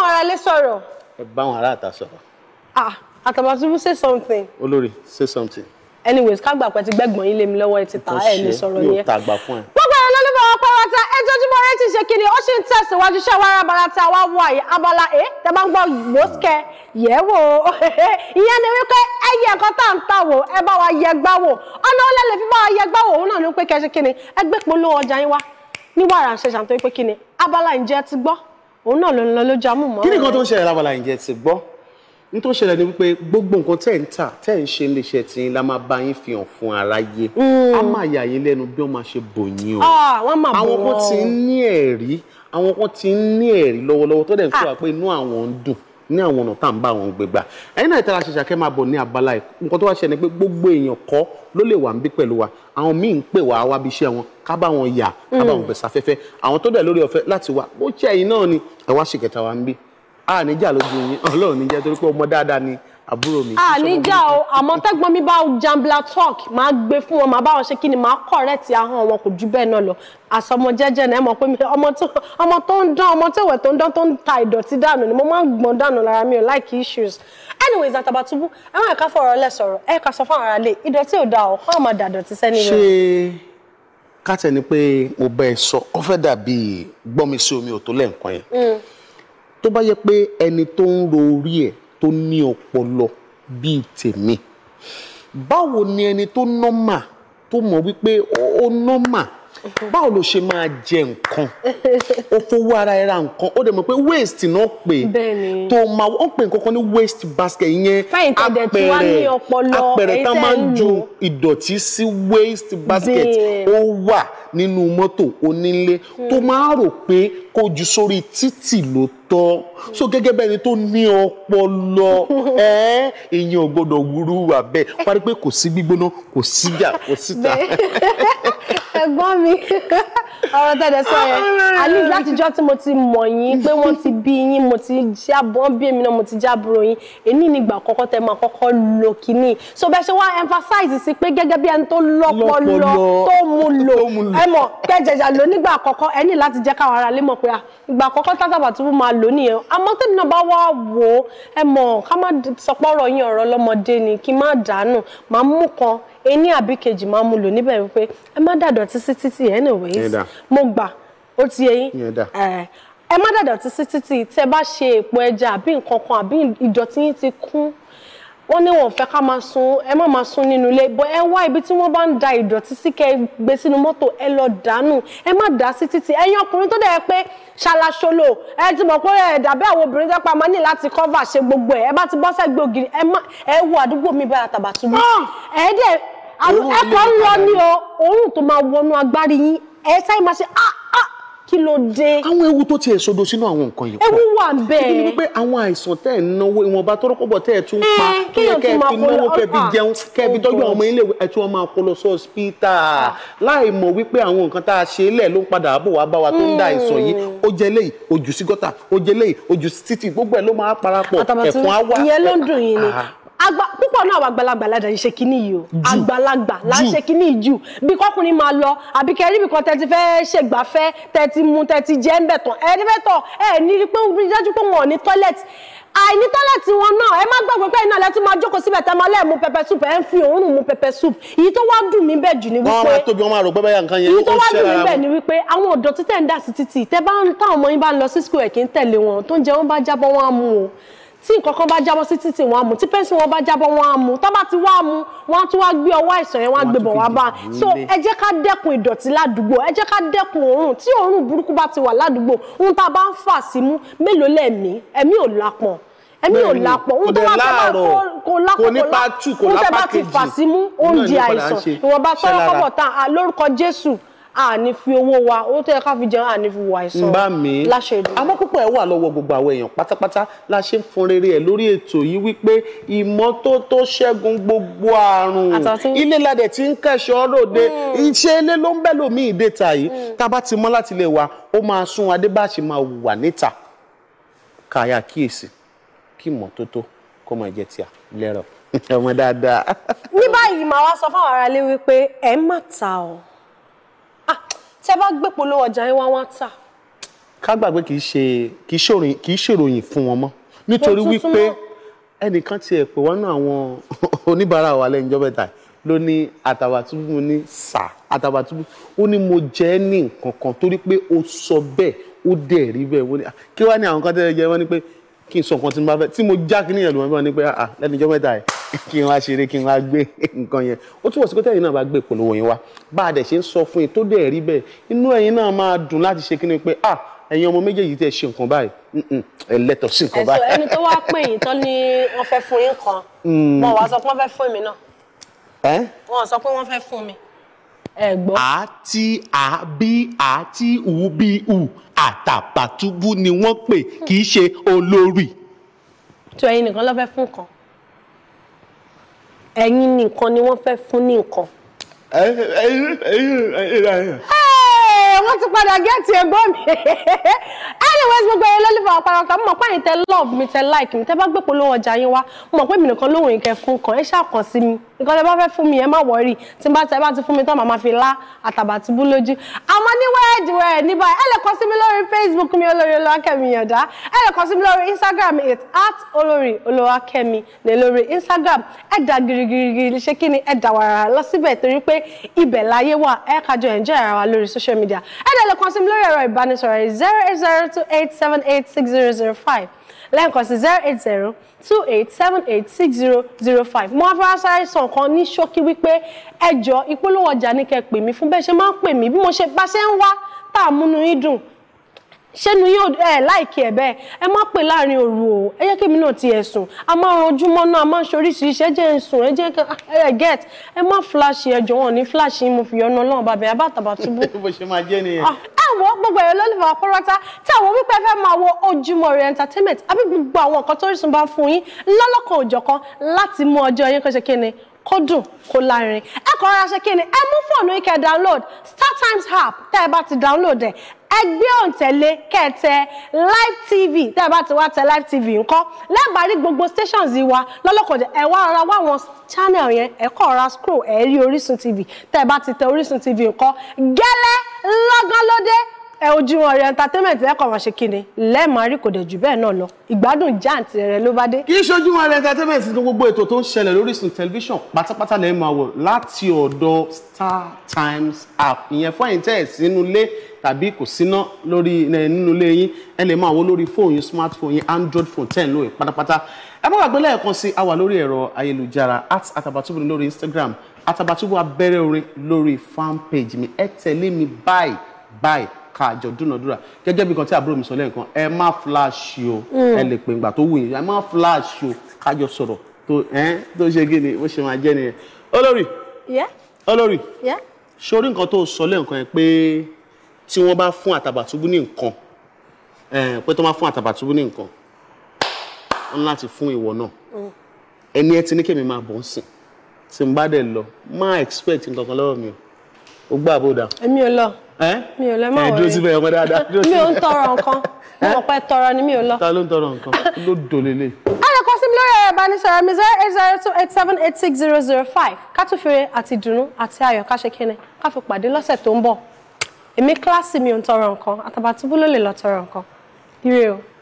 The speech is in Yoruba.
báwọn ará lé sọ̀rọ̀. ẹ báwọn ará àta sọ̀rọ̀. ah Àtàbàtúbú say something. olórí say something. anyways ká gbà pé ti gbẹ́gbọ̀n yín lé mi lọ́wọ́ ẹ ti ta ẹ lè sọ̀rọ̀ yẹn. yóò ta àgbà fún ẹ. gbogbo ẹ̀ lọ́nà bá wọn pẹ́ wá ta ẹjọ́ jímọ̀ rẹ ti ṣe kíni ó sì ń tẹ̀síwájú iṣẹ́ wàrà barata wá wọ àyè abala ẹ̀ eh, tẹ́ bá ń gbọ́ gbòókẹ́ yẹ̀ wò ó ìyẹn ni wípé ẹyẹ ẹ̀kọ́ tá à ń tà wò ẹ bá wa yẹ gbá wò ọ̀nà ó lẹ́lẹ̀ fi bá wa yẹ gbá wò òun náà ló pé kẹ́ ṣe kíni ẹgbẹ́ polówó ọjà yín wá ní wàrà ṣẹṣà tó pé kíni abala ǹjẹ́ ti gbọ́ òun náà ló ń lọ lójú amúmọ́. kí ni nǹkan tó ń ṣẹlẹ̀ lábala ìjẹ́ ti gbọ́ ní tó ṣẹlẹ̀ ni wípé gbogbo nǹkan tẹ́ ń tà tẹ́ ń ṣe iléeṣẹ́ tí la máa bá yín fi hàn fún aráyé hmm. a máa yà yín lẹ́nu bí wọ́n máa ṣe bò yín o ah, àwọn kan ti ń ní ẹ̀rí àwọn kan ti ń ní ẹ̀rí lọ́wọ́lọ́wọ́ tó dẹ̀ ń sọ ah. wá pé inú àwọn ń dùn ní àwọn ọ̀nà tá à ń bá àwọn gbé gbà ẹ̀yin náà ìtara ṣẹṣẹ kẹ́ máa bọ̀ ní abala nǹkan tó wá ṣe ni pé gbogbo èèyàn kọ́ ló lè wà ń bí pẹ̀lú wa àwọn míì ń pè wá wá bí iṣẹ́ wọn ká bá wọn yà ká bá wọn mm. bẹ̀ sáfẹ́fẹ́ àwọn tó dẹ̀ lórí ọ̀fẹ́ láti wá bó ṣe ẹ̀yin náà ni ẹ̀ wá ṣèkẹta wa ń bí àníjà lójú yín ọlọ́run níjẹ́ torí pé ọmọ dáadáa ni àbúrò mi. àníjà ah, o àmọ́ tẹ́gbọ́n mi bá jambla talk máa gbé fún wọn máa bá wọn ṣe kí ni máa kọ̀rẹ́ẹ̀tì ahọ́n wọn kò jù bẹ́ẹ̀ náà lọ àsọmọ jẹ́jẹ́ náà ẹ mọ̀ pé ọmọ tó ń dán ọmọ tẹ̀wẹ̀ tó ń dán tó ń ta ìdọ̀tí dànù ni mo máa ń gbọ̀n dànù lára mi ò like issues anyways àtàbàtúbú ẹ má ká fọ̀rọ̀ lẹ̀ sọ̀rọ̀ ẹ ká sọ fáwọn aráalé ìdọ̀tí ò da ọ̀ kọ́ ọmọ dàdọ̀tí sẹ́ni rẹ̀. ṣé kátẹ̀ ni pé mo bẹ ẹ sọ ọ fẹ́ dàbí gbọ́n mi sí omi ò tó lẹ́ǹkan yẹn mm. tó bá yẹ pé ẹni tó ń ro orí ẹ̀ tó ní ọpọlọ bíi tèmi báwo ni ẹni tó nọ́mà tó mọ̀ wípé ó nọ́mà báwo ló ṣe máa jẹ nǹkan ó fowó ara ẹ ra nǹkan ó dẹ̀ mọ̀ pé waste náà pè tó máa ó pè nǹkan kan ní waste basket yẹn apẹ̀rẹ̀ apẹ̀rẹ̀ tá máa ń ju ìdọ̀tí sí waste basket ó wà nínú mọ́tò onílé tó hmm. máa rò pé kó ju sórí títì ló tọ́ so gẹ́gẹ́ bẹ́ẹ̀ ni tó ní ọpọlọ ẹ́ èèyàn gbọ́dọ̀ wúrú wà bẹ́ẹ̀ parí pé kò sí gbígbóná kò síjà kò síta. ẹ̀gbọ́n mi ọ̀rọ̀ tẹ̀lé sọ yẹn at least látijọ́ tí mo ti mọ̀ yín pé wọ́n ti bí yín mo ti jábọ́ bí èmi náà mo ti jábúrò yín èní nígbà kọ́kọ́ tẹ máa kọ́kọ́ lò kínní so bẹ́ẹ̀ ṣe wá emphasize sí pé gẹ́gẹ́ bí ẹni tó lọ́pọlọ tó mu lò ẹ mọ̀ kẹjẹjà lò nígbà àkọ́kọ́ ẹ ní láti jẹ́ káwọn ará lé mọ̀ pé ìgbà àkọ́kọ́ tátàbà tó fún máa lò nìyẹn àmọ́ tèmi náà bá wá wò ó ẹ mọ̀ ká má sọpọ́rọ̀ yín ọ̀rọ̀ ọlọ́mọdé ni kí má dànù má mú kan ení àbí kejì máa mú lò níbẹ̀ wípé ẹ má dàdọ̀tí sí títì anyways mo gbà ó ti yé yín eh, ẹ má dàdọ̀tí sí títì tẹ bá ṣe èpo ẹja àbí nǹkan kan àbí ìdọ̀tí yín ti kún wọ́n ní wọ́n fẹ́ ká máa sun ẹ má máa sun nínú ilé bọ́ ẹ wá ibi tí wọ́n bá ń da ìdọ̀tí sí kẹ́ gbé sínú mọ́tò ẹ lọ dànù ẹ má dà sí títì ẹ̀yin ọkùnrin tó dẹ̀ pé ṣalaṣolo ẹ ti mọ̀ pé ẹ dàbẹ́ àwọn obìnrin tó pa máa ní láti cover ṣe gbogbo ẹ̀ ẹ bá ti bọ́ sẹ́gbẹ́ ògiri ẹ má ẹ wo àdúgbò mi báyà Àtàbàtúbú ẹ dẹ̀ ẹ̀kọ́ ń lọ ní o òórùn tó máa wọnú agbárí yín ẹ sáyé máa ṣe ah kí ló dé. àwọn ewu tó tiẹ̀ sodo sínú àwọn nǹkan yìí ewu wà bẹ́ẹ̀. kí ni wípé àwọn àìsàn tẹ́ ń náwó ìwọ̀nba tọ́rọ́kọ̀bọ̀ tẹ́ ẹ̀ tún pa eh, tó yẹ kẹ́ ẹ fi náwó kẹ́ ẹ fi ah, jẹun kẹ́ oh tọ́jú àwọn ọmọ ilé ẹ̀ tí máa kó lọ sọ́ọ̀sìpítà ah. láì mọ̀ wípé àwọn nǹkan tá a ṣe lẹ̀ ló ń padà bò wá bá wa tó ń da àìsàn yìí hmm. ó jẹ léyìí ojú sí gọ́tà ó jẹ léyìí ojú sí títì gbogbo ẹ̀ ló máa parapọ̀ ẹ̀fọn á wà. ìyẹn ló ń dùn yín ni ah púpọ̀ náà àgbàlagbà ládà ń ṣe kíní yìí o àgbàlagbà là ń ṣe kíní yìí jù bí kọkùnrin máa lọ àbí kẹrí ibì kan tẹ́tí fẹ́ẹ́ ṣègbafẹ́ tẹ́tí mu tẹ́tí jẹ́ ń bẹ̀ tán ẹ ní fẹ́ tọ̀ ẹ ní rí pé rí dájú pé wọn ò ní tọ́lẹ̀tì àìní tọ́lẹ̀tì wọn náà ẹ má gbàgbé pé iná lẹ́tún máa jókòó síbẹ̀ tẹ́ máa lẹ́ẹ̀ mu pẹpẹ soup ẹ ń fi òórùn mu pẹpẹ soup èyí tó wá dùn mí bẹ́ẹ̀ jù ni wípé wọ́n máa tóbi wọ́n máa rò pẹ́pẹ́ yà nǹkan yẹn ó ṣẹlẹ̀ èyí tó wá dùn mí bẹ́ẹ̀ ni wípé àwọn ọ̀dọ́ títẹ̀ ń dà sí títì tẹ́ bá táwọn ọmọ yín bá ń lọ sí school ẹ̀ kí ń tẹ̀lé wọn tó ń jẹ wọn bá jábọ́ wọn á mú wọn tí nǹkan kan bá jábọ́ sí títì wọn á mú tí pẹ́ńsì wọn bá jábọ́ wọn á mú tábà tí wọ́n á mú wọn á tún wá gbé ọwọ́ àìsàn yẹn wọ́n á gbé wá bá a so ẹ jẹ́ ká dẹ́kun ìdọ̀tí ládùúgbò ẹ jẹ́ ká dẹ́kun òórùn tí òórùn burúkú bá ti wà ládùúgbò ohun tá a bá ń fà sí mú mélòó lẹ́ẹ̀mí ẹ̀mí ò lápọn ẹ̀mí ò lápọn ohun tó bá fẹ́ kó lápọn kó lápọn ohun tẹ́ bá ti fà sí mú oúnjẹ àìsàn ìwọ̀nba tọ́lọ́kọ́bọ̀ tán lórúkọ a fi owó wa owó tó ká fi jẹun a fi wà ìsọ. nbà mí láṣẹ ìdùnnú. àmọ́ púpọ̀ ẹ̀ wà lọ́wọ́ gbogbo àwọn èèyàn pátápátá la ṣe ń fún rere ẹ̀ lórí ètò yìí wípé ìmọ́tótó ṣẹ́gun gbogbo àrùn ilé ládẹ̀ tí ń kẹ́ṣọ́ ròde hmm. iṣẹ́ ilé ló ń bẹ́ lómi ìbẹ́ta yìí hmm. tá a bá ti mọ́ láti lè wà ó máa sún adébáṣe máa wà níta káyà kíyèsí kí ìmọ́tótó kó máa jẹ tíà lẹ́rọ̀ ọmọ dáadáa. ní báyìí màá wá sọ fáwọn aráalé wípé ẹ má ta ọ tẹ́ bá gbé polówó ọjà yín wá wá tà. ká gbàgbé kì í ṣe kì í ṣèròyìn fún wọn mọ́ nítorí wípé ẹnìkan tiẹ̀ pé wọ́n náà àwọn oníbàárà wa lẹ́yìn ìjọba ẹ̀ta ló ní àtàbàtúbù ní sà àtàbàtúbù ó ní mo jẹ́ ní nǹkan kan torí pé ó sọ bẹ́ẹ̀ ó dẹ̀ rí bẹ́ẹ̀ wọ́n ní ah, kí wá ní àwọn kan tẹ́lẹ̀ jẹ́ wọ́n ní pé kí n sọ nǹkan tí mo bá fẹ́ tí mo já kí níyàn ló wọ́n ní pé ah, ah, lẹ́nu ìjọba ẹ̀ta yìí kí n wá ṣeré kí n wá gbé nǹkan yẹn ó túbọ̀ sí pé tẹ́yìn náà bá gbé ìpolówó yẹn wá bá a dẹ̀ ṣe ń sọ fún yín tó dẹ̀ rí bẹ́ẹ̀ inú ẹ̀yin náà máa dùn láti ṣe kíni pé ah ẹ̀yin ọmọ méjèèjì tẹ́ ṣe nǹkan báyìí ẹ lẹ́tọ̀ọ́ sí nǹkan báyìí. ẹ̀sọ́ ẹni tó wá pè yín tán ni wọ́n fẹ́ fún yín kan mm. wọn wá sọ pé wọ́n fẹ́ fún mi náà wọn sọ pé wọ́n fẹ́ fún mi ẹ̀gbọ́n. a ti a bí a ti u bí u àtàbàtúbú ni wọ́n pè kì í ṣe olórí. tó ẹ̀yin nìkan ló fẹ́ fún kan ẹ̀yin nìkan ni wọ́n fẹ́ fún ní nǹkan. ẹ̀yin ẹ̀yin ẹ̀yin ẹ̀yin wọ́n ti padà gẹ́ẹ̀tì ẹ̀gbọ́n mi anyways gbogbo ẹ̀yẹ lọ́lífà àpàràpà mọ̀ pé àyìn tẹ love mi tẹ like mi tẹ bá gbé polówó ọjà yín wá mọ̀ pé mi nìkan lóhùn ìkẹ́ fún kan ẹ ṣáà kàn sí mi nǹkan tẹ bá fẹ́ fún mi ẹ má wọrí tí n bá tẹ bá ti fún mi tán màmá fi lá àtàbàtúbú lójú àmọ́ ní wẹ́ẹ̀dìwẹ́ ní báyìí ẹ lè kàn sí mi lórí facebook mi olórí olúwakẹ́mi yọ̀dá ẹ lè kàn sí mi lórí instagram it at olórí olúwakẹ́mi ní lórí instagram ẹ dà girigirigiri ṣé kí ni ẹ dà wàrà lọ síbẹ̀ torí pé ibẹ̀ láyé wà ẹ kájọ enjoy ara wa lórí social media Nàìjíríà ẹ dẹ̀ lè kàn sí mi lórí ẹ̀rọ ìbánisọ̀rọ̀ yìí zero eight zero two eight seven eight six zero zero five lẹ́ẹ̀kan sí zero eight zero two eight seven eight six zero zero five mo afárá sáré sàn kan ní ṣókí wípé ẹjọ́ ìpolówó ọjà ní kẹ́ pè mí fún bẹ́ẹ̀ ṣe máa ń pè ṣẹ́nu yóò ẹ̀ láìkí ẹ̀ bẹ́ẹ̀ ẹ má pè láàrin òru o ẹ jẹ́ kémi náà ti ẹ̀ sùn a máa ran ojúmọ́ a máa ń ṣe oríṣiríṣi ẹ sùn ẹ jẹ́ ẹ get ẹ má flash ẹ jọ̀wọ́ ní flash mo fi ọ̀nà ọlọ́run bàbá ẹ bá tàbá túbú. bó ṣe máa jẹ́ nìyẹn. àwọn ah, gbogbo ẹ̀rọ lọ́lẹ̀ fà pọ́rọ́tà tí àwọn wípé fẹ́ máa wo ojúmọ́ rẹ̀ entertainment àbí gbogbo àwọn nǹkan tó Orísun bá fún yín lọ́lọ́kan òjọ̀kan láti mú ọjọ́ yín kó ṣe kíni kó dùn kó lárin ẹ kọ́ ara ṣe kí ni ẹ mú fóònù yìí download StarTimes app tẹ́ ẹ bá ti download ẹ̀ ẹgbẹ́ òǹtẹ̀lé kẹtẹ live tv tẹ́ ẹ bá ti wá tẹ live tv ńkọ́ lẹ́ẹ̀bà rí gbogbo stations wa lọ́lọ́kọ̀dẹ̀ ẹ wá rárá wá àwọn channel yẹn ẹ kọ́ ra scroll ẹ rí orísun tv tẹ́ ẹ bá ti tẹ orísun tv ńkọ́ gẹ́lẹ́ lọ́gán lóde ẹ Ojúmọ́ Ire entertainment ẹ kàn máa ṣe kíni lẹ́ẹ̀mọ́ àrí kò dẹ̀ jù bẹ́ẹ̀ náà lọ ìgbádùn jáǹtì rẹ ló bá dé. kì í ṣe Ojúmọ́ Ire entertainment ní gbogbo ètò tó ń ṣẹlẹ̀ lórí Orísun tẹlifíṣàn pátápátá lẹ́ẹ̀ máa wò láti ọ̀dọ̀ Star Times app ìyẹn fún ẹ̀yin tẹ́ ẹ̀ sínú ilé tàbí kò síná lórí nínú ilé yín ẹ lè máa wò lórí fóònù yín smartphone yín android phone ten ẹ̀ ń lò yìí pátápátá ẹ má gbàgbé lẹ́ẹ̀kan sí a wà lórí ẹ̀rọ ayélujára at Àtàbàtúbù lórí Instagram Àtàbàtúbù abẹ́rẹ́ orin lórí fan page mi ẹ tẹ̀lé mi bye bye ká àjọ dúnàdúrà gẹ́gẹ́ bí kan tí àbúrò mi sọ lẹ́ẹ̀kan ẹ má flash o hmm. ẹ lè pè ńgbà tó wù yín ẹ má flash o kájọ sọ̀rọ̀ tó ẹ́n tó ṣe kí ni bó ṣe máa jẹ́ nìyẹn. olórí olórí sórí nǹkan tó sọ lẹ́ẹ̀kan yẹn pé tí wọ́n bá fún Àtàbàtúbú ní nǹkan pé tó máa fún Àtàbàtúbú ní nǹkan ń láti fún ìwọ náà hmm. ẹni ẹ ti ní kèmí máa bọ̀ ń sìn tí n bá dẹ̀ lọ má expect nǹkan kan lọ́wọ́ mi o gbọ́ àbúdà. èmi ò lọ mi ò lẹ mọ wọlé ẹ dúró síbẹ̀ ọmọ dáadáa. mi ò ń tọrọ nǹkan mo mọ̀ tọrọ ni mi ò lọ. ta ló ń tọrọ nǹkan ló dolele. ẹ lè kọ sí mi lórí ẹ̀rọ ìbánisọ̀rọ̀ mi zero eight zero two eight seven eight six zero zero five ká tún fèrè àti dùnnú àti ayọ̀ ká ṣe kíni ká fi pàdé lọ́sẹ̀ tó ń bọ̀ èmi kíláàsì mi ò ń tọrọ nǹkan Àtàbàtúbú ló lè lọ tọrọ nǹkan ire o.